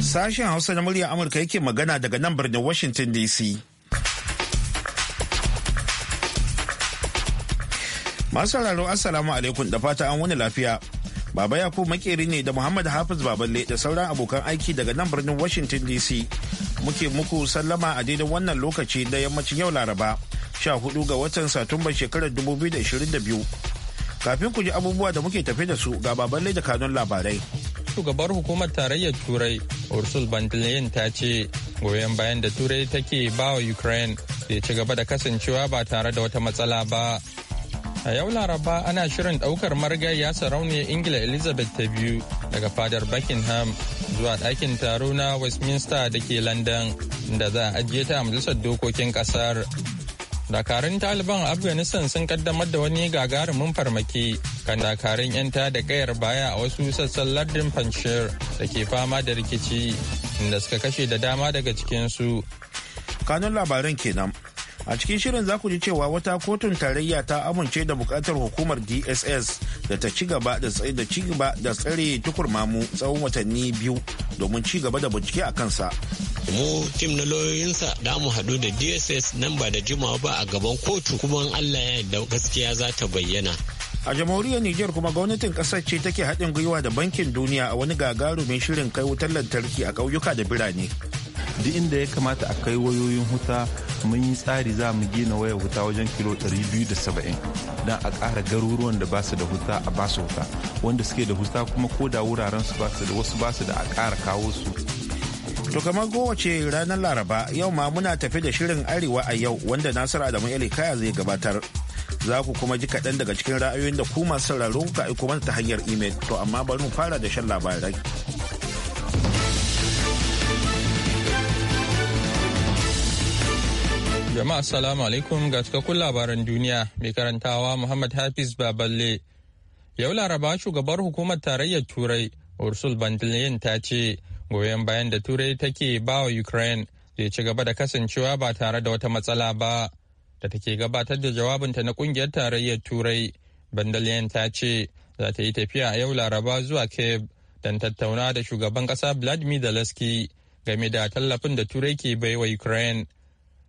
Sashen Hausa na murya Amurka yake magana daga nan birnin Washington DC. Masu sauraro Assalamu alaikum da fata an wani lafiya. Baba Yakubu makeri ne da Muhammad Hafiz Baballe da sauran abokan aiki daga nan birnin Washington DC. Muke muku sallama a daidai wannan lokaci da yammacin yau Laraba. 14 ga watan Satumba shekarar 2022. Kafin ku ji abubuwa da muke tafe da su ga baban da kanun labarai. Shugabar hukumar tarayyar Turai ursul von ta ce goyon bayan da Turai take ba wa Ukraine zai ci gaba da kasancewa ba tare da wata matsala ba. A yau Laraba ana shirin ɗaukar ya sarauniyar Ingila Elizabeth ta biyu daga fadar Buckingham zuwa ɗakin taro na Westminster da ke London da za a ajiye ta a majalisar dokokin ƙasar. dakarun taliban a afghanistan sun kaddamar da wani gagarumin farmaki kan dakarun 'yan ta da gayar baya a wasu sassan lardin panchir da ke fama da rikici inda suka kashe da dama daga cikinsu kanun labaran kenan a cikin shirin za ku ji cewa wata kotun tarayya ta amince da bukatar hukumar dss da ta ci gaba da tsare tukurmamu tsawon watanni biyu domin ci gaba da bincike a kansa mu tim na lauyoyinsa da mu haɗu da dss nan ba da jimawa ba a gaban kotu kuma allah ya da gaskiya za ta bayyana a jamhuriyar niger kuma gwamnatin kasar ce take haɗin gwiwa da bankin duniya a wani gagarumin shirin kai wutar lantarki a ƙauyuka da birane duk inda ya kamata a kai wayoyin huta mun yi tsari za mu gina wayar huta wajen kilo 270 don a ƙara garuruwan da basu da huta a basu huta wanda suke da huta kuma ko da wuraren su basu da wasu basu da a ƙara kawo su To kamar kowace ranar Laraba yau ma muna tafi da shirin Arewa a yau wanda Nasiru Adamu kaya zai gabatar. Za ku kuma ji kaɗan daga cikin ra'ayoyin da kuma masu sauraro ka aiko mana ta hanyar imel. To amma bari mu fara da shan labarai. Jama'a assalamu alaikum ga cikakkun labaran duniya mai karantawa Muhammad Hafiz Baballe. Yau Laraba shugabar hukumar tarayyar Turai Ursul Bandiliyan ta ce goyon bayan da turai take ba wa ukraine zai ci gaba da kasancewa ba tare da wata matsala ba da take gabatar da jawabinta na kungiyar tarayyar turai bandalian ta ce za ta yi tafiya a yau laraba zuwa kiev don tattauna da shugaban kasa vladimir zelensky game da tallafin da turai ke bai wa ukraine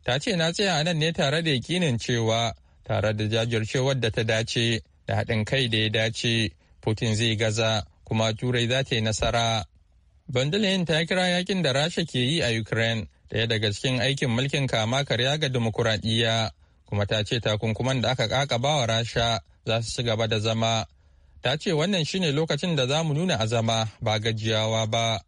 ta ce na tsaya nan ne tare da yakinin cewa tare da jajircewar da ta dace da haɗin kai da ya dace putin zai gaza kuma turai za ta yi nasara Bandalin ta kira yakin da Rasha ke yi a Ukraine ɗaya daga cikin aikin mulkin kama karya ga dimokuraɗiyya kuma ta ce takunkuman da aka kakaba wa Rasha za su ci gaba da zama. Ta ce wannan shine lokacin da za mu nuna azama ba gajiyawa ba.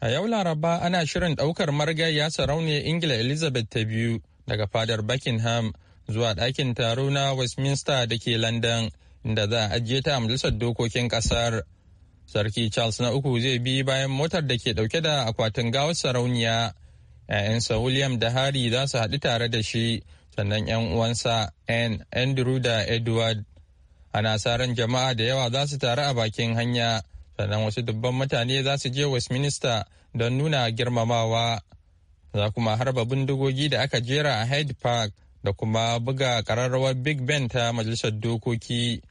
A yau Laraba ana shirin ɗaukar margayya sarauniya Ingila Elizabeth ta biyu daga fadar Buckingham zuwa ɗakin taro na Westminster da ke London, inda za a ajiye ta a majalisar dokokin ƙasar. sarki charles na uku zai bi bayan motar da ke dauke da akwatin gawar sarauniya 'ya'yansa william da harry za su haɗu tare da shi sannan 'yan uwansa anne andrew da edward ana sa ran jama'a da yawa za su taru a bakin hanya sannan wasu dubban mutane za su je westminster don nuna girmamawa za kuma harba bindigogi da aka jera a hyde park da kuma buga kararrawar big ben ta majalisar dokoki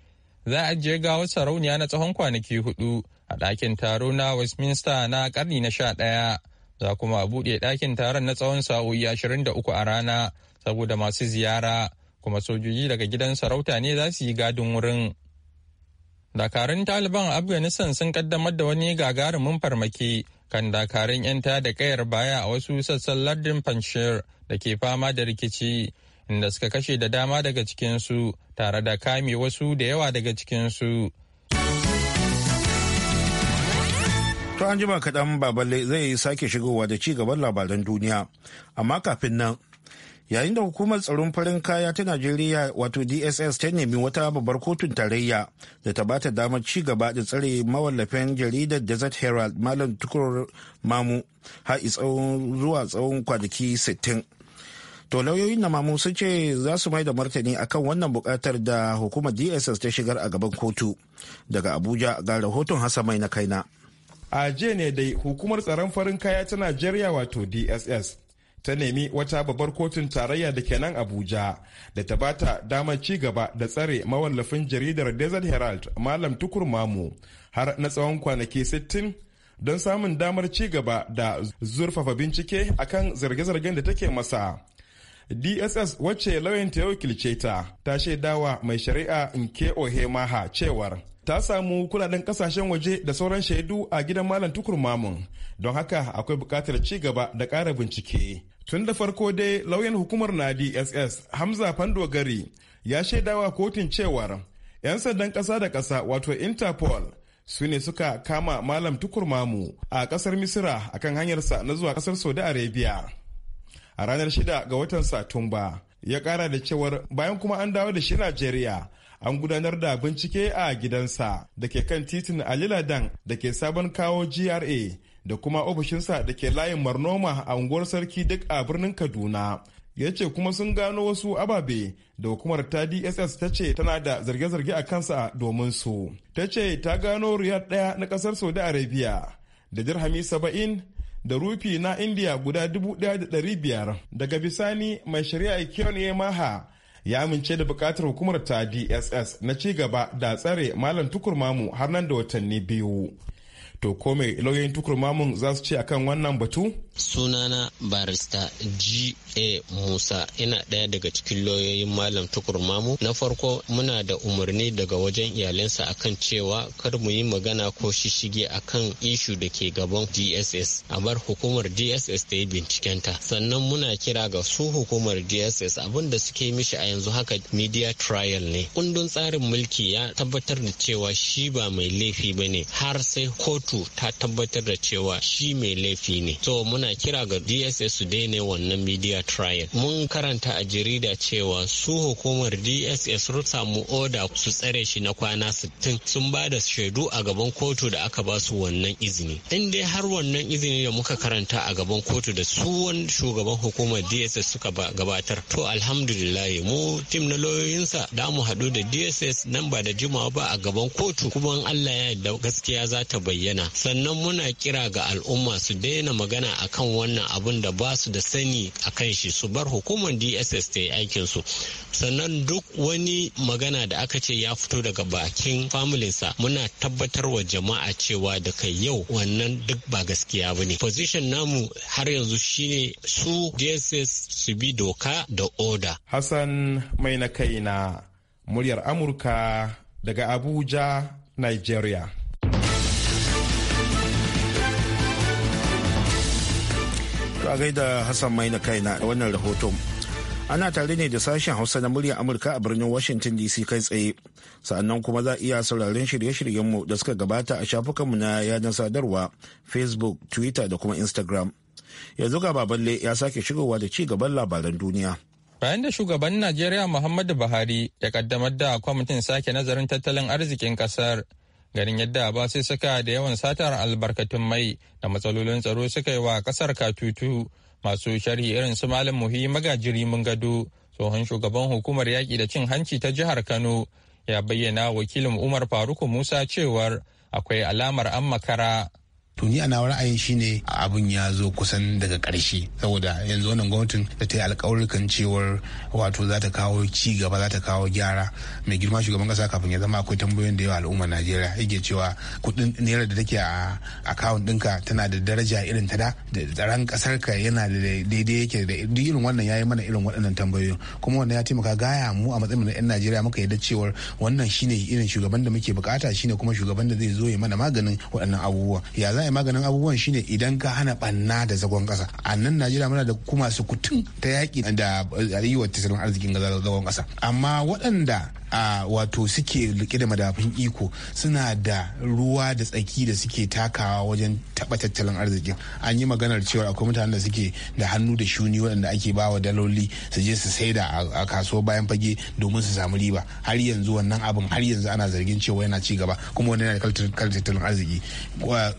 za a je gawar sarauniya na tsawon kwanaki hudu a ɗakin taro na westminster na ƙarni na sha ɗaya za kuma a buɗe ɗakin taron na tsawon sa'o'i ashirin da uku a rana saboda masu ziyara kuma sojoji daga gidan sarauta ne za su yi gadin wurin dakarun taliban afghanistan sun kaddamar da wani gagarumin farmaki kan dakarun 'yan da kayar baya a wasu sassan lardin panshir da ke fama da rikici inda suka kashe da dama daga cikinsu tare da kame wasu da yawa daga cikinsu. To an jima kaɗan baballe zai yi sake shigowa da ci gaban labaran duniya. Amma kafin nan, yayin da hukumar tsaron farin kaya ta Najeriya wato DSS ta nemi wata babbar kotun tarayya da ta bata damar ci gaba da tsare mawallafin jaridar Desert Herald Malam Tukur Mamu har zuwa tsawon kwanaki sittin. to lauyoyin namamu sun ce za su mai da martani akan wannan bukatar da hukumar dss ta shigar a gaban kotu daga abuja ga rahoton hasamai na kaina a jiya ne dai hukumar tsaron farin kaya ta najeriya wato dss ta nemi wata babbar kotun tarayya da ke nan abuja da ta bata damar ci gaba da tsare mawallafin jaridar desert herald malam tukur mamu har na tsawon kwanaki sittin don samun damar ci gaba da zurfafa bincike akan zarge-zargen da take masa dss wacce lauyanta ya wakilce ta ta shaidawa mai shari'a nke ohemaha cewar ta samu kudaden kasashen waje da sauran shaidu a gidan malam tukur mamun don haka akwai bukatar ci gaba da ƙara bincike tun da farko dai lauyan hukumar na dss hamza fandogari ya shaidawa kotun cewar 'yan sandan ƙasa da ƙasa wato interpol su ne suka kama malam tukur mamu a ƙasar misira akan hanyarsa na zuwa ƙasar saudi arabia a ranar 6 ga watan Satumba. Ya kara da cewar bayan kuma an dawo da shi Najeriya an gudanar da bincike a gidansa da ke kan titin Aliladan da ke sabon kawo GRA da kuma ofishinsa da ke layin Marnoma a unguwar Sarki duk a birnin Kaduna. ya ce kuma sun gano wasu ababe da hukumar ta dss ta ce tana da zarge-zarge a kansa domin su ta ce ta gano riyar daya na kasar saudi arabia da dirhami saba'in da rufi na indiya guda 1,500 daga bisani mai shari'a kiyon maha ya amince da bukatar hukumar ta dss na ci gaba da tsare malam tukur mamu har nan da watanni biyu to ko mai lauyoyin tukur mamun za su ce akan wannan batu sunana barista g a musa ina ɗaya daga cikin lauyoyin malam tukur mamu na farko muna da umarni daga wajen iyalinsa akan cewa kar mu yi magana ko shishige akan ishu da ke gaban dss a bar hukumar dss ta yi bincikenta sannan muna kira ga su hukumar dss abin da suke mishi a yanzu haka media trial ne kundin tsarin mulki ya tabbatar da cewa shi ba mai laifi ba ne har sai kotu kotu ta tabbatar da cewa shi mai laifi ne so muna kira ga dss su daina wannan media trial mun karanta a jarida cewa su hukumar dss sun samu oda su tsare shi na kwana 60 sun ba da shaidu a gaban kotu da aka ba su wannan izini in dai har wannan izini da muka karanta a gaban kotu da su wani shugaban hukumar dss suka gabatar to alhamdulillah mu tim na lauyoyinsa da mu haɗu da dss nan ba da jimawa ba a gaban kotu kuma allah ya yarda gaskiya za ta bayyana magana sannan muna kira ga al'umma su daina magana akan wannan abun da ba su da sani akan shi su bar hukumar dss ta yi aikin su sannan duk wani magana da aka ce ya fito daga bakin familinsa muna tabbatar wa jama'a cewa daga yau wannan duk ba gaskiya ba ne position namu har yanzu shine su dss su bi doka da oda hassan mai na kai na muryar amurka daga abuja nigeria a gaida Hassan mai na kaina da wannan rahoton. Ana tare ne da sashen Hausa na muryar Amurka a birnin Washington DC kai tsaye. Sa'annan kuma za iya sauraron shirye-shiryenmu da suka gabata a shafukanmu na yanar sadarwa Facebook, Twitter da kuma Instagram. Yanzu ga baballe ya sake shigowa da ci gaban labaran duniya. Bayan da shugaban Najeriya Muhammadu Buhari ya kaddamar da kwamitin sake nazarin tattalin arzikin kasar Garin yadda ba sai saka da yawan satar albarkatun mai da matsalolin tsaro suka yi wa kasar katutu masu sharhi irin su malam muhi magajiri mun gado tsohon shugaban hukumar yaƙi da cin hanci ta jihar kano ya bayyana wakilin umar faruku musa cewar akwai alamar an makara to ni ana ra'ayin shine abun ya zo kusan daga karshe saboda yanzu wannan gwamnatin da ta yi alƙawurkan cewar wato za ta kawo ci gaba za ta kawo gyara mai girma shugaban kasa kafin ya zama akwai tambayoyin da yawa al'ummar Najeriya yake cewa kuɗin naira da take a akawun ɗinka tana da daraja irin ta da tsaron ƙasar ka yana da daidai yake da irin wannan yayi yi mana irin waɗannan tambayoyin kuma wannan ya taimaka gaya mu a matsayin na 'yan Najeriya muka yarda cewar wannan shine irin shugaban da muke bukata shine kuma shugaban da zai zo ya mana maganin waɗannan abubuwa ya za a yi maganin abubuwan shine idan ka hana banna da zagon kasa a nan najeriya muna da kuma su kutun ta yaƙi da eh, yiwa tattalin arzikin gaza zagon kasa amma waɗanda a wato suke rike da madafin iko suna da ruwa da tsaki da suke takawa wajen taɓa tattalin arzikin an yi maganar cewa akwai mutanen da suke da hannu da shuni waɗanda ake bawa daloli su je su saida a kasuwa bayan fage domin su samu riba har yanzu wannan abin har yanzu ana zargin cewa yana ci gaba kuma wani yana da tattalin arziki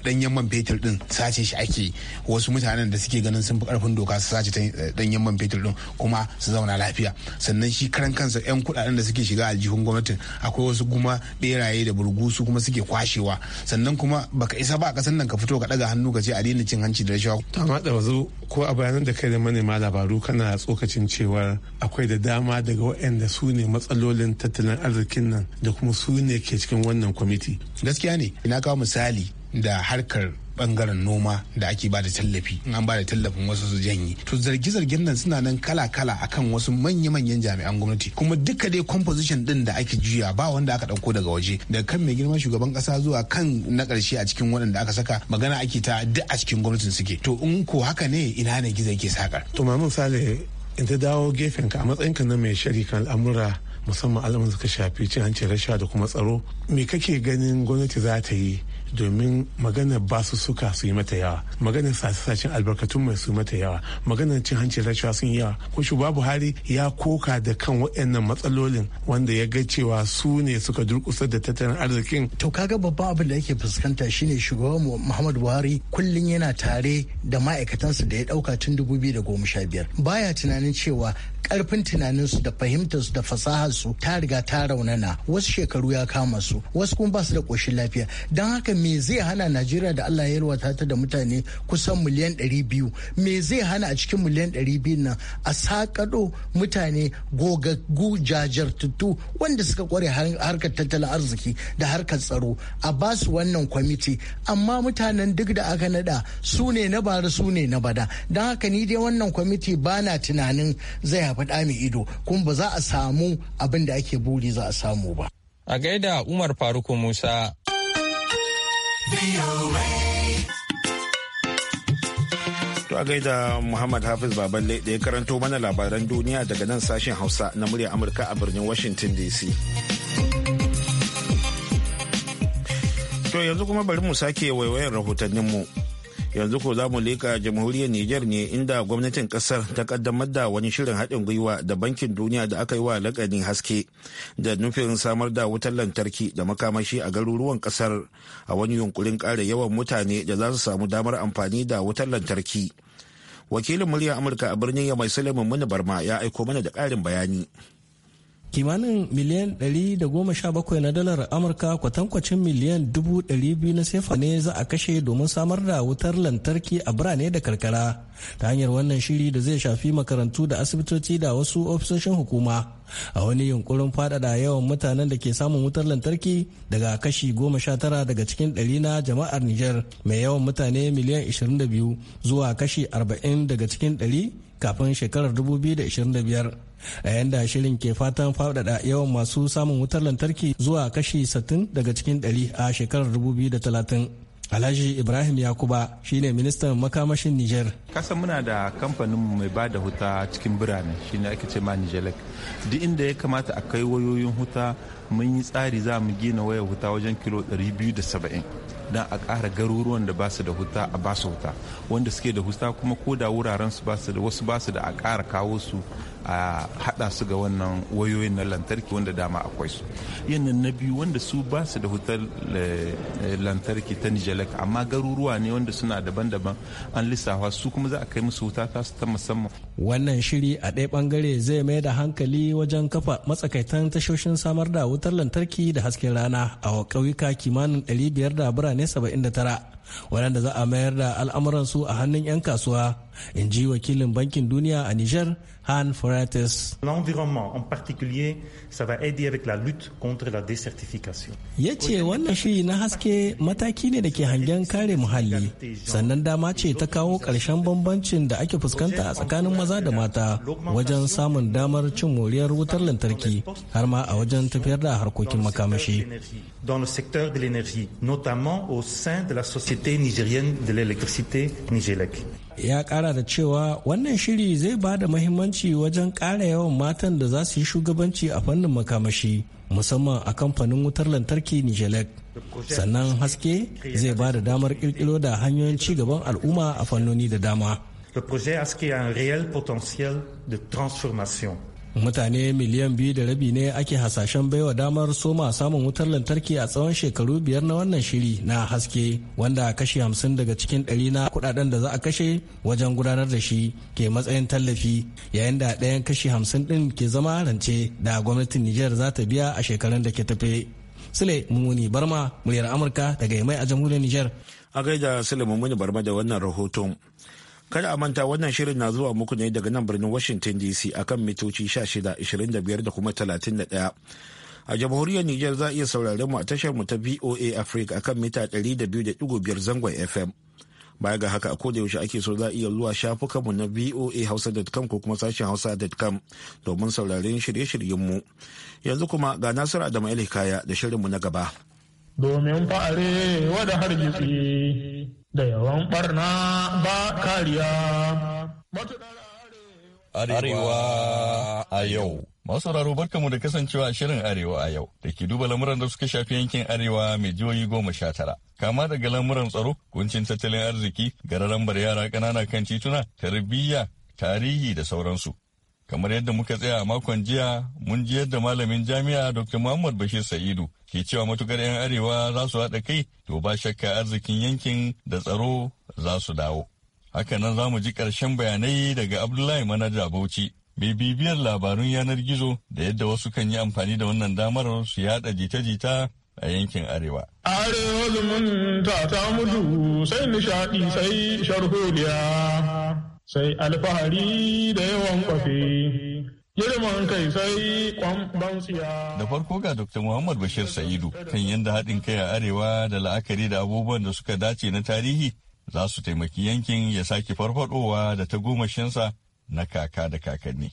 ɗanyen man fetur din sace shi ake wasu mutanen da suke ganin sun fi karfin doka su sace danyen eh, man fetur din kuma su zauna lafiya sannan shi karan kansa yan kudaden da suke shiga aljihun gwamnatin akwai wasu kuma beraye da burgusu kuma suke kwashewa sannan kuma baka isa ba a kasan nan ka fito ka daga hannu ka ce a daina cin hanci da rashawa to amma da wazo ko a bayanan da kai da manema labaru kana tsokacin cewa akwai da dama daga waɗanda su ne matsalolin tattalin arzikin nan da kuma su ne ke cikin wannan kwamiti gaskiya ne ina kawo misali da harkar bangaren noma da ake ba da tallafi in an ba da tallafin wasu su janye to zarge-zargen nan suna nan kala-kala akan wasu manya-manyan jami'an gwamnati kuma duka dai composition din da ake juya ba wanda aka dauko daga waje daga kan mai girma shugaban kasa zuwa kan na karshe a cikin waɗanda aka saka magana ake ta duk a cikin gwamnatin suke to in ko haka ne ina ne gizo yake sakar to mamun sale in ta dawo gefen ka a matsayinka na mai shari kan al'amura musamman al'amuran suka shafi cin hanci Rasha da kuma tsaro me kake ganin gwamnati za ta yi domin maganar basu suka su yi mata yawa maganar sace-sacen albarkatun mai su mata yawa maganar cin hanci rashawa sun yawa ko shugaba buhari ya koka da kan waɗannan matsalolin wanda ya ga cewa su ne suka durkusa da tattalin arzikin to kaga babban abin da yake fuskanta shine shugaban muhammadu buhari kullum yana tare da ma'aikatansa da ya dauka tun 2015 baya tunanin cewa karfin tunaninsu da fahimtarsu da fasaharsu ta riga ta raunana wasu shekaru ya kama su wasu kuma ba su da koshin lafiya don haka me zai hana najeriya da allah ya yarwata ta da mutane kusan miliyan 200 me zai hana a cikin miliyan 200 nan a sakado mutane gogaggu jajirtattu wanda suka kware harkar tattalin arziki da harkar tsaro a ba su wannan kwamiti amma mutanen duk da aka nada su ne na bara su ne na bada don haka ni dai wannan kwamiti ba na tunanin zai haifar faɗa mai ido kuma ba za a samu abin da ake buri za a samu ba. A gaida Umar Faruku Musa. To a gaida Muhammad Hafiz Baballe da ya karanto mana labaran duniya daga nan sashen Hausa na murya Amurka a birnin Washington DC. To yanzu kuma bari mu sake waiwayan rahotanninmu. mu. yanzu ko za mu leka jamhuriyar niger ne inda gwamnatin kasar ta kaddamar da wani shirin haɗin gwiwa da bankin duniya da aka yi wa lakanin haske da nufin samar da wutar lantarki da makamashi a garuruwan kasar a wani yunkurin ƙara yawan mutane da za su samu damar amfani da wutar lantarki wakilin murya amurka a birnin yamai suleiman muni barma ya aiko mana da ƙarin bayani kimanin miliyan 117 na dalar amurka kwatankwacin miliyan 200 na sefa ne za a kashe domin samar da wutar lantarki a birane da karkara ta hanyar wannan shiri da zai shafi makarantu da asibitoci da wasu ofisoshin hukuma a wani yunkurin faɗaɗa yawan mutanen da ke samun wutar lantarki daga kashi 19 daga cikin 100 na jama'ar niger mai yawan mutane miliyan 22 zuwa kashi 40 daga cikin 100 kafin shekarar 2025 a yanda shirin ke fatan faɗaɗa yawan masu samun wutar lantarki zuwa kashi 60 daga cikin 100 a shekarar 2030 alhaji ibrahim yakuba shine ministan makamashin niger kasan muna da kamfanin mai ba da huta cikin birane shine ake ce ma nijelek duk inda ya kamata a kai wayoyin huta mun yi tsari za mu gina wayar wuta wajen kilo 270 don a ƙara garuruwan da basu da huta a basu huta wanda suke da huta kuma ko da wuraren su basu da wasu basu da a ƙara kawo su a haɗa su ga wannan wayoyin na lantarki wanda dama akwai su yannan na biyu wanda su basu da hutar eh, lantarki ta nijalek amma garuruwa ne wanda suna daban-daban an lissafa su kuma za a kai musu huta ta su ta musamman wannan shiri a ɗaya bangare zai mai da hankali wajen kafa matsakaitan tashoshin samar da wutar lantarki da hasken rana a ƙauyuka kimanin 500 da birane 79 waɗanda za a mayar da al'amuran su a hannun 'yan kasuwa in ji wakilin bankin duniya a niger han Fratis. l'environnement en particulier ça va aider avec la lutte contre la désertification ya ce wannan shiri na haske mataki ne da ke hangen kare muhalli sannan dama ce ta kawo ƙarshen bambancin da ake fuskanta a tsakanin maza da mata wajen samun damar cin moriyar wutar lantarki har ma a wajen tafiyar da harkokin makamashi dans le secteur de l'énergie notamment au sein de la société société nigérienne de l'électricité Nigélec. ya kara da cewa wannan shiri zai ba da mahimmanci wajen kara yawan matan da za su yi shugabanci a fannin makamashi musamman a kamfanin wutar lantarki Nigélec. sannan haske zai ba da damar ƙirƙiro da hanyoyin ci gaban al'umma a fannoni da dama Le projet a de transformation mutane miliyan biyu da rabi ne ake hasashen baiwa damar soma samun wutar lantarki a tsawon shekaru biyar na wannan shiri na haske wanda kashi hamsin daga cikin ɗari na kudaden da za a kashe wajen gudanar da shi ke matsayin tallafi yayin da ɗayan kashi hamsin din ke zama rance da gwamnatin nijar za ta biya a shekarun da ke tafe sule mummuni barma muryar amurka daga yamai a jamhuriyar nijar a gaida sule mummuni barma da wannan rahoton Kada a manta wannan shirin na zuwa muku ne daga nan birnin Washington DC akan mitoci 16, da kuma 31. a jamhuriyar Nijar za a iya sauraren mu a tashar mu ta VOA Africa akan mita 200.5 zangon FM. Baya ga haka a koda yaushe ake so za a iya zuwa shafukan mu na hausa.com ko kuma sashen hausa.com domin sauraren shirye-shiryen mu. Yanzu kuma ga Nasiru Adamu Elikaya da shirin mu na gaba. Domin fa'are wada hargitsi da yawan barna ba kariya. Arewa a yau. Masauraro barkamu da kasancewa shirin Arewa a yau da ke duba lamuran da suka shafi yankin Arewa mai jihohi goma sha tara. Kama daga lamuran tsaro, kuncin tattalin arziki, gararan bar yara ƙanana kan tituna, tarbiyya, tarihi da sauransu. kamar yadda muka tsaya a makon jiya mun ji yadda malamin jami'a dr muhammad bashir sa'idu ke cewa matukar 'yan arewa za su haɗa kai to ba shakka arzikin yankin da tsaro za su dawo hakanan za mu ji ƙarshen bayanai daga abdullahi manaja bauchi mai bibiyar labarun yanar gizo da yadda wasu kan yi amfani da wannan damar su yaɗa jita-jita a yankin arewa. arewa zumunta ta mudu sai nishaɗi sai sharholiya sai alfahari da yawan kwafi. Girman kai sai kwan Da farko ga Dr. Muhammad Bashir Sa'idu kan yadda haɗin kai a Arewa da la'akari da abubuwan da suka dace na tarihi za su taimaki yankin ya sake farfadowa da ta gomashinsa na kaka da kakanni.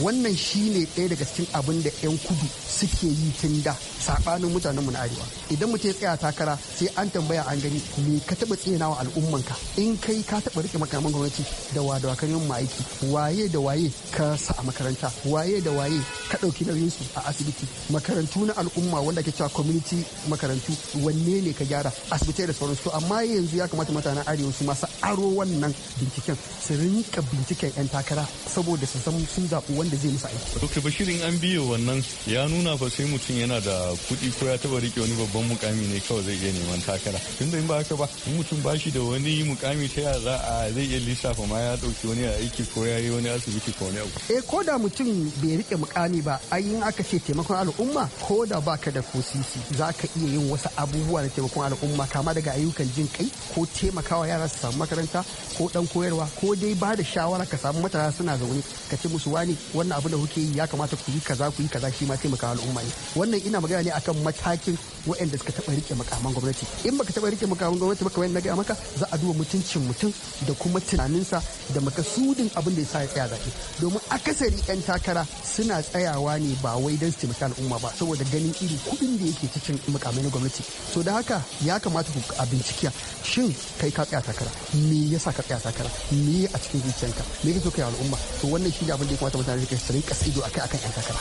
wannan shi ne ɗaya daga cikin abin da 'yan kudu suke yi tun da saɓanin mutanen mu na arewa idan mu ya tsaya takara sai an tambaya an gani me ka taɓa tsinawa al'ummanka in kai ka taɓa rike makaman gwamnati da wa da yin aiki waye da waye ka sa a makaranta waye da waye ka ɗauki nauyinsu a asibiti makarantu na al'umma wanda ake cewa community makarantu wanne ne ka gyara asibitai da sauransu amma yanzu ya kamata mutanen arewa su masu aro wannan binciken su rinka binciken 'yan takara saboda su san sun zaɓa wanda zai musu aiki. Dr. Bashirin an biyo wannan ya nuna fa sai mutum yana da kuɗi ko ya taɓa riƙe wani babban mukami ne kawai zai iya neman takara. Tun da in ba haka ba in mutum ba shi da wani mukami ta yaya za a zai iya lissafa ma ya ɗauki wani a aiki ko ya yi wani asibiti ko wani abu. Eh ko da mutum bai riƙe mukami ba in aka ce taimakon al'umma ko da baka da kusisi za ka iya yin wasu abubuwa na taimakon al'umma kama daga ayyukan jin kai ko taimakawa yara su samu makaranta ko dan koyarwa ko dai ba da shawara ka samu matasa suna zaune ka ce musu wani wannan abu da kuke yi ya kamata ku yi kaza ku yi kaza shi ma taimaka al'umma ne wannan ina magana ne akan matakin waɗanda suka taɓa rike makaman gwamnati in baka taɓa rike makaman gwamnati ba kamar na gaya maka za a duba mutuncin mutum da kuma tunaninsa da makasudin abin da ya sa ya tsaya zaɓe domin akasari 'yan takara suna tsayawa ne ba wai don su taimaki al'umma ba saboda ganin iri kuɗin da yake cikin makamai na gwamnati so da haka ya kamata ku a bincikiya shin kai ka tsaya takara me yasa ka tsaya takara me a cikin zuciyanka me kake so kai al'umma to wannan shi ne abin da ya kamata tare suka su ido akai akan yan takara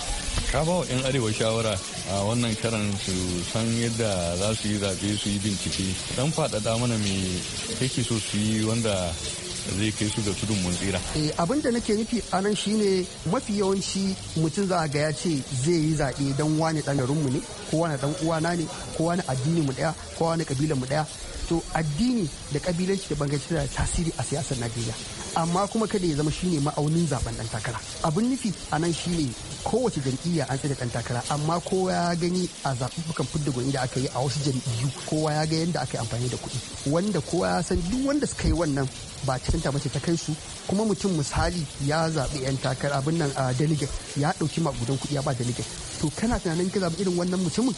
ka ba wa yan arewa shawara a wannan karan su san yadda za su yi zaɓe su yi bincike dan faɗaɗa mana me yake so su yi wanda zai kai su ga tudun mun tsira. Eh, abin da nake nufi a nan shine mafi yawanci mutum za a ga ya ce zai yi zaɓe don wani ɗan mu ne ko wani ɗan uwana ne ko wani addini mu ɗaya ko wani ƙabilar mu ɗaya to addini da kabilanci da bangaci da tasiri a siyasar najeriya amma kuma kada ya zama shine ma'aunin zaben dan takara abin nufi a nan shine kowace jam'iyya an tsaye da takara amma kowa ya gani a zaɓuɓɓukan fidda gwani da aka yi a wasu jam'iyyu kowa ya ga yadda aka yi amfani da kuɗi wanda kowa ya san duk wanda suka yi wannan ba cikin ta mace ta kai su kuma mutum misali ya zaɓi 'yan takara abin nan a delegate ya ɗauki magudan kuɗi ya ba delegate to kana tunanin ka zaɓi irin wannan mutumin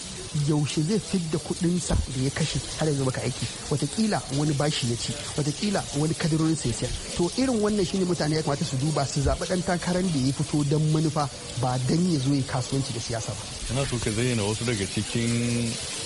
yaushe zai da kuɗinsa da ya kashe har yanzu baka aiki watakila wani bashi ya ci watakila wani kadirorin sai sayar to irin wannan shine mutane ya kamata su duba su zaɓi ɗan takarar da ya fito don manufa ba dan ya zo ya kasuwanci da siyasa ba. Kana so ka zayyana wasu daga cikin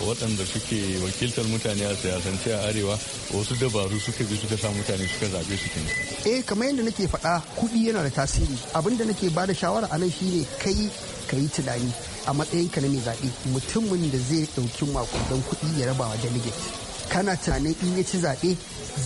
waɗanda suke wakiltar mutane a siyasance a arewa wasu dabaru suka bi suka sa mutane suka zaɓe su kenan. eh kamar yadda nake faɗa kuɗi yana da tasiri abin da nake ba da shawara a nan shine kai ka yi tunani a matsayinka na mai zaɓe mutumin da zai ɗauki makudan kuɗi ya raba wa delegate kana tunanin in ya ci zaɓe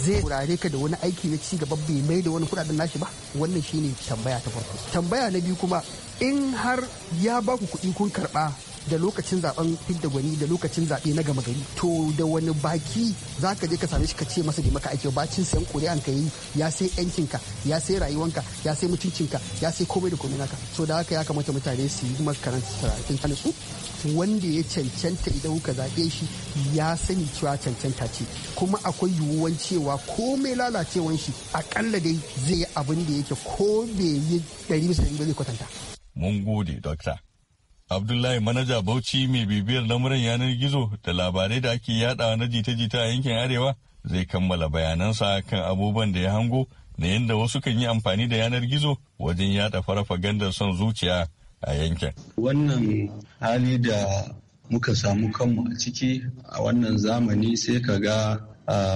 zai wurare ka da wani aiki na ci gaba bai mai da wani kuɗaɗen nashi ba wannan shine tambaya ta farko tambaya na biyu kuma in har ya baku kuɗi kun karɓa da lokacin zaben fidda gwani da lokacin zaɓe na gama gari to da wani baki za ka je ka same shi ka ce masa da maka aiki bacin sayan kuri'an ka yi ya sai ka ya sai rayuwanka ya sai mutuncinka ya sai komai da komai naka so da haka ya kamata mutane su yi makaranta karatun su wanda ya cancanta idan kuka zaɓe shi ya sani cewa cancanta ce kuma akwai yiwuwan cewa komai lalacewan shi akalla dai zai yi abin da yake ko bai yi ɗari bisa ɗari ba zai kwatanta. Mun gode, Dokta. Abdullahi manaja Bauchi mai bibiyar lamuran yanar gizo da labarai da ake yada na jita-jita a yankin Arewa zai kammala bayanansa kan abubuwan da ya hango na yadda wasu kan yi amfani da yanar gizo wajen yada farafagandar son zuciya a yankin. Wannan hali da muka samu kanmu a ciki a wannan zamani sai ka ga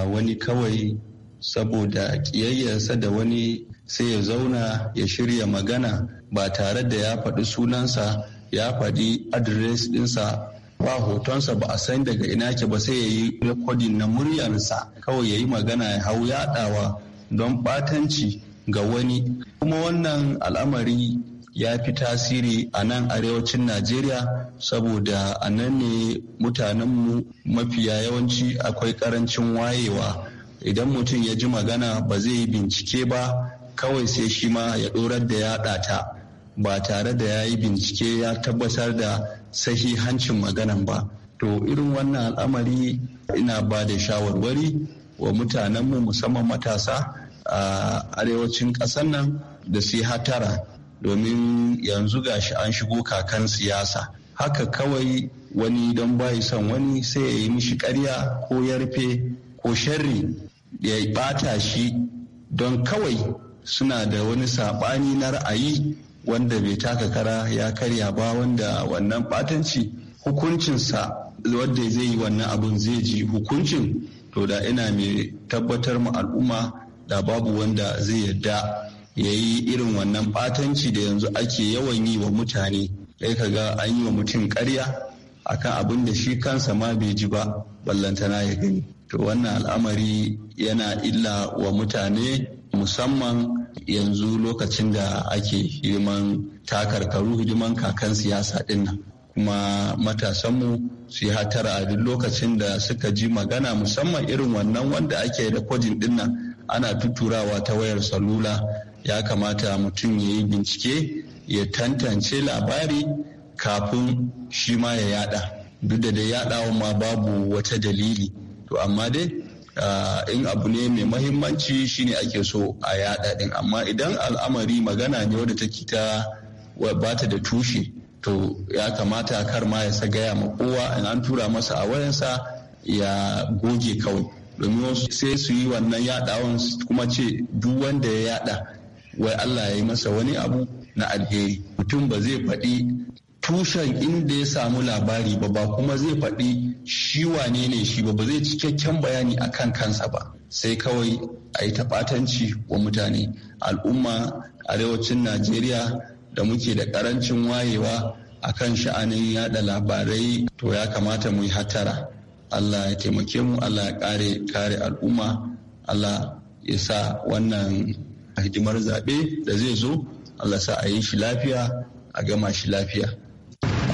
wani kawai saboda ƙiyayyarsa da wani sai ya zauna ya shirya magana ba tare da ya faɗi sunansa ya faɗi adres ɗinsa ba hotonsa ba a san daga ina ke ba sai ya yi rekodin na muryarsa kawai ya yi magana ya hau yaɗawa don ɓatanci ga wani kuma wannan al'amari ya fi tasiri a nan arewacin najeriya saboda a nan ne mutanenmu mafiya yawanci akwai karancin wayewa idan mutum ya ji magana ba zai bincike ba kawai sai shi ma ya ɗorar da ya ɗata. ba tare da ya yi bincike ya tabbatar da sahihancin maganan ba to irin wannan al'amari ina ba da shawarwari wa mutanenmu musamman matasa a arewacin ƙasar nan da su hatara domin yanzu gashi an shigo kakan siyasa haka kawai wani don bayi son wani sai ya yi mishi karya ko yarfe ko sharri ya ɓata shi don kawai suna da wani saɓani na ra'ayi wanda bai taka kara ya karya ba wanda wannan batanci hukuncinsa wanda zai yi wannan abun zai ji hukuncin to da ina mai tabbatar mu al'umma da babu wanda zai yarda ya yi irin wannan batanci da yanzu ake yawan yi wa mutane sai ka ga an yi wa mutum karya akan abin da shi kansa ma bai ji ba ballantana ya gani to wannan al'amari yana illa wa mutane musamman yanzu lokacin da ake hidiman takarkaru hidiman kakan siyasa din nan kuma matasanmu su yi hatara a duk lokacin da suka ji magana musamman irin wannan wanda ake da kwajin din nan ana tuturawa ta wayar salula ya kamata mutum ya yi bincike ya tantance labari kafin shi ma ya yada duk da da yadawa ma babu wata dalili to amma dai Eh, in abu ne mai mahimmanci shine ake so a yaɗa din, amma idan al'amari magana ne wadda take ta bata da tushe to ya kamata kar ma ya gaya ma kowa in an tura masa a wayansa ya goge kawai domin sai su yi wannan yaɗawan kuma ce duk wanda ya yaɗa wai Allah ya yi masa wani abu na alheri mutum ba zai faɗi tushen inda ya samu labari ba ba kuma zai faɗi shi wane ne shi ba ba zai cikakken bayani a kan kansa ba sai kawai a yi taɓatanci wa mutane al'umma arewacin najeriya da muke da ƙarancin wayewa a kan sha'anin yada labarai to ya kamata mu yi hattara allah ya taimake mu allah ya kare kare al'umma allah ya sa wannan hidimar zaɓe da zai zo allah sa a yi shi lafiya a gama shi lafiya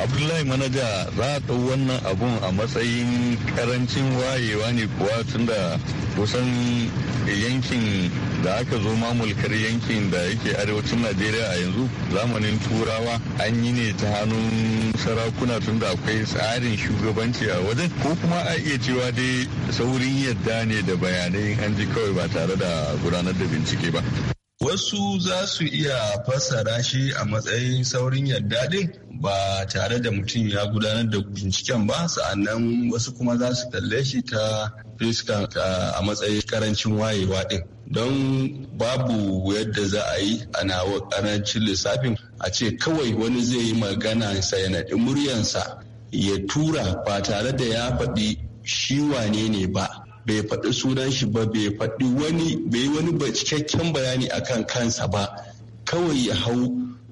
abdullahi manaja za a ɗau wannan abun a matsayin karancin wayewa ne kuwa tunda kusan yankin da aka zo mamulkar yankin da yake arewacin najeriya a yanzu zamanin turawa an yi ne ta hannun sarakuna tunda akwai tsarin shugabanci a wajen ko kuma a iya cewa dai saurin yadda ne da bayanai an ji kawai ba tare da gudanar da bincike ba wasu za su iya fassara shi a matsayin saurin yarda din ba tare da mutum ya gudanar da binciken ba sa'annan wasu kuma za su kalle shi ta fiskan a matsayin karancin wayewa din don babu yadda za a yi ana karancin lissafin a ce kawai wani zai yi magana sa yana muryansa ya tura ba tare da ya faɗi shi wane ne ba bai faɗi sunan shi ba bai faɗi wani bai wani cikakken bayani akan kansa ba kawai ya hau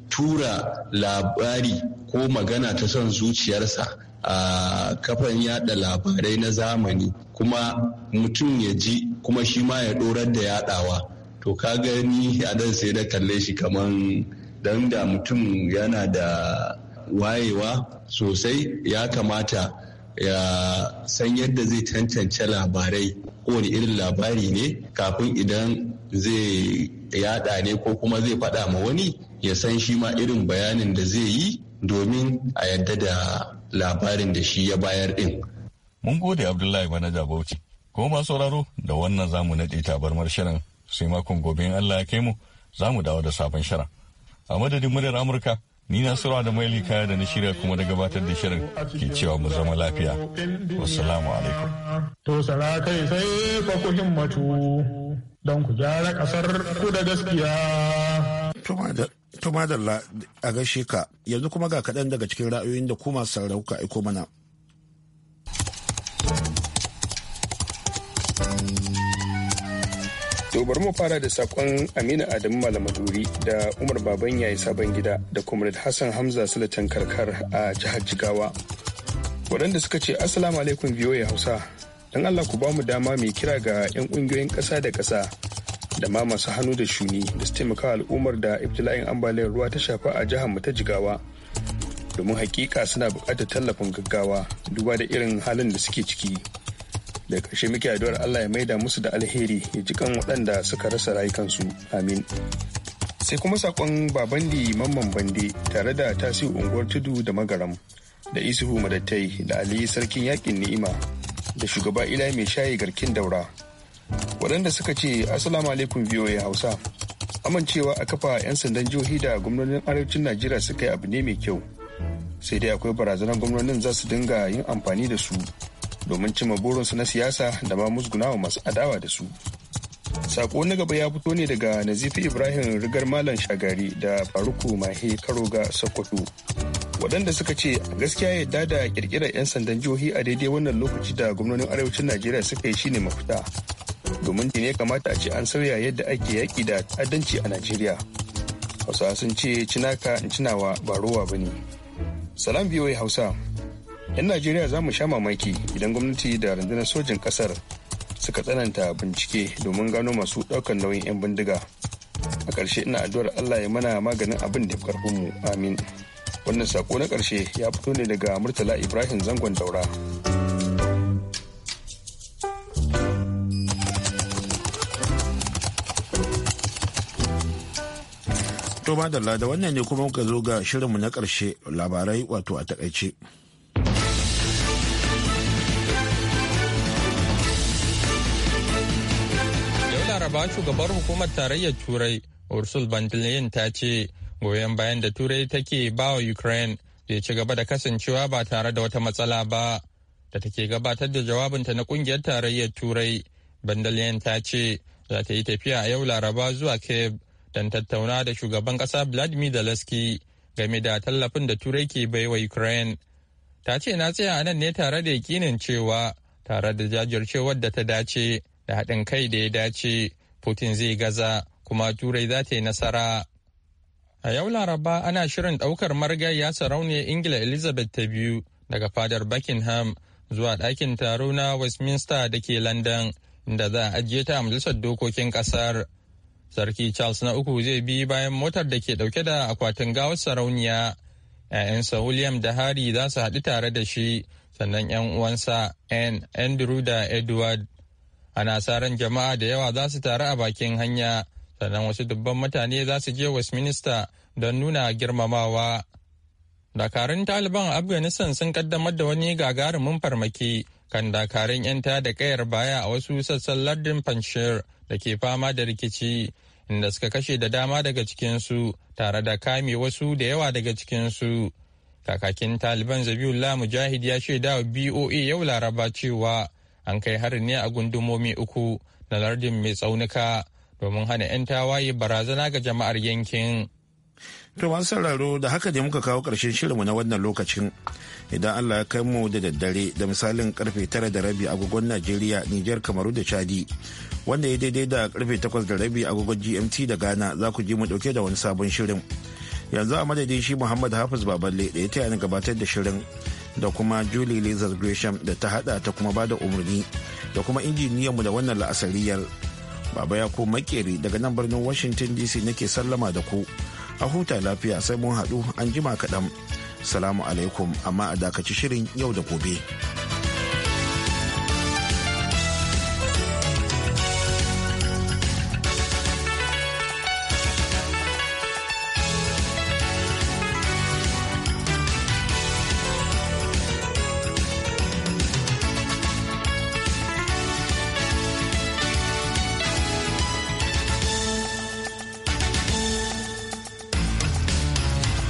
tura labari ko magana ta son zuciyarsa a kafan yada labarai na zamani kuma mutum ya ji kuma shi ma ya dorar da yadawa to ka gani a dan sai da kalle shi kaman dan da mutum yana da wayewa sosai ya kamata ya san yadda zai tantance labarai kowane irin labari ne kafin idan zai yada ne ko kuma zai faɗa ma wani ya san shi ma irin bayanin da zai yi domin a yadda da labarin da shi ya bayar din. Mun gode Abdullahi Manaja Bauchi. ko ma sauraro da wannan zamu naɗe tabarmar shirin sai makon gobe in Allah ya kai mu za dawo da sabon shirin. A madadin muryar Amurka Ni na sura da maili kaya da na shirya kuma da gabatar da shirin ke cewa mu zama lafiya. Wassalamu alaikum. To sarakai sai fa ku himmatu don ku gyara kasar ku da gaskiya. To madalla a gaishe ka yanzu kuma ga kaɗan daga cikin ra'ayoyin da kuma kuka aiko mana. To bari mu fara da sakon Aminu Adamu Malamaduri da Umar Baban yayi sabon gida da Comrade Hassan Hamza Sulatan Karkar a jihar Jigawa. Waɗanda suka ce Assalamu alaikum ya Hausa. Don Allah ku ba dama mai kira ga 'yan ƙungiyoyin ƙasa da ƙasa da ma masu hannu da shuni da su taimaka al'ummar da ibtila'in ambaliyar ruwa ta shafa a jihar mu ta Jigawa. Domin hakika suna buƙatar tallafin gaggawa duba da irin halin da suke ciki. da karshe muke addu'ar Allah ya maida musu da alheri ya ji kan waɗanda suka rasa rayukansu amin sai kuma sakon babandi mamman bande tare da tasiri unguwar tudu da magaram da isuhu madattai da ali sarkin yakin ni'ima da shugaba ila mai shayi garkin daura waɗanda suka ce assalamu alaikum ya hausa amincewa a kafa 'yan sandan jihohi da gwamnonin arewacin najeriya suka yi abu ne mai kyau sai dai akwai barazanar gwamnonin za su dinga yin amfani da su domin cima burinsu na siyasa da ma musgunawa masu adawa da su. Sako na gaba ya fito ne daga Nazifi Ibrahim Rigar Malam Shagari da Faruku Mahe Karoga Sokoto. Waɗanda suka ce gaskiya yadda da kirkirar 'yan sandan jihohi a daidai wannan lokaci da gwamnonin arewacin Najeriya suka yi shine mafita. Domin ne kamata a ce an sauya yadda ake yaƙi da ta'addanci a Najeriya. Hausa sun ce cinaka in cinawa ba rowa ba ne. Salam biyoyi Hausa. 'yan najeriya za mu sha mamaki idan gwamnati da rundunar sojin kasar suka tsananta bincike domin gano masu daukan nauyin 'yan bindiga a ƙarshe ina addu'ar allah ya mana maganin abin da mu amin wannan sako na ƙarshe ya fito ne daga murtala ibrahim zangon daura to madalla da wannan ne kuma muka zo ga shirinmu na ƙarshe labarai wato a takaice. laraba shugabar hukumar tarayyar turai ursul van ta ce goyon bayan da turai take ba wa ukraine zai ci gaba da kasancewa ba tare da wata matsala ba da take gabatar da jawabinta na kungiyar tarayyar turai bandaliyan ta ce za ta yi tafiya a yau laraba zuwa kiev don tattauna da shugaban kasa vladimir zelensky game da tallafin da turai ke baiwa ukraine ta ce na tsaya a nan ne tare da yakinin cewa tare da jajircewar da ta dace da haɗin kai da ya dace putin zai gaza kuma turai za ta yi nasara a yau laraba ana shirin ɗaukar marigayya sarauniyar ingila elizabeth ta biyu daga fadar buckingham zuwa ɗakin taro na westminster da ke london inda za a ajiye ta a majalisar dokokin ƙasar sarki charles na uku zai bi bayan motar da ke ɗauke da akwatin gawar sarauniya 'ya'yansa william da harry za su haɗu tare da shi sannan 'yan uwansa anne andrew da edward ana sa ran jama'a da yawa za su taru a bakin hanya sannan wasu dubban mutane za su je westminster don nuna girmamawa dakarun taliban afghanistan sun kaddamar da wani gagarumin farmaki kan dakarun 'yan ta da kayar baya a wasu sassan lardin panshir da ke fama da rikici inda suka kashe da dama daga cikinsu tare da kame wasu da yawa daga cikinsu kakakin taliban zabiullah mujahid ya shaida wa boa yau laraba cewa an kai harin ne a gundumomi uku na lardin mai tsaunuka domin hana 'yan tawaye barazana ga jama'ar yankin. To masu sauraro da haka ne muka kawo karshen shirinmu na wannan lokacin. Idan Allah ya kai mu da daddare da misalin karfe tara da rabi agogon Najeriya, Nijar, Kamaru da Chadi. Wanda ya daidai da karfe takwas da rabi agogon GMT da Ghana za ku ji mu dauke da wani sabon shirin. Yanzu a madadin shi Muhammad Hafiz Baballe da ya taya ni gabatar da shirin. da kuma Julie lizard Gresham da ta hada ta kuma bada umarni da kuma injiniyanmu da wannan la'asariyar. Baba ya ko makeri daga nan birnin Washington DC nake sallama da ku. A huta lafiya sai mun haɗu an jima kaɗan. Salamu alaikum amma a dakaci shirin yau da gobe.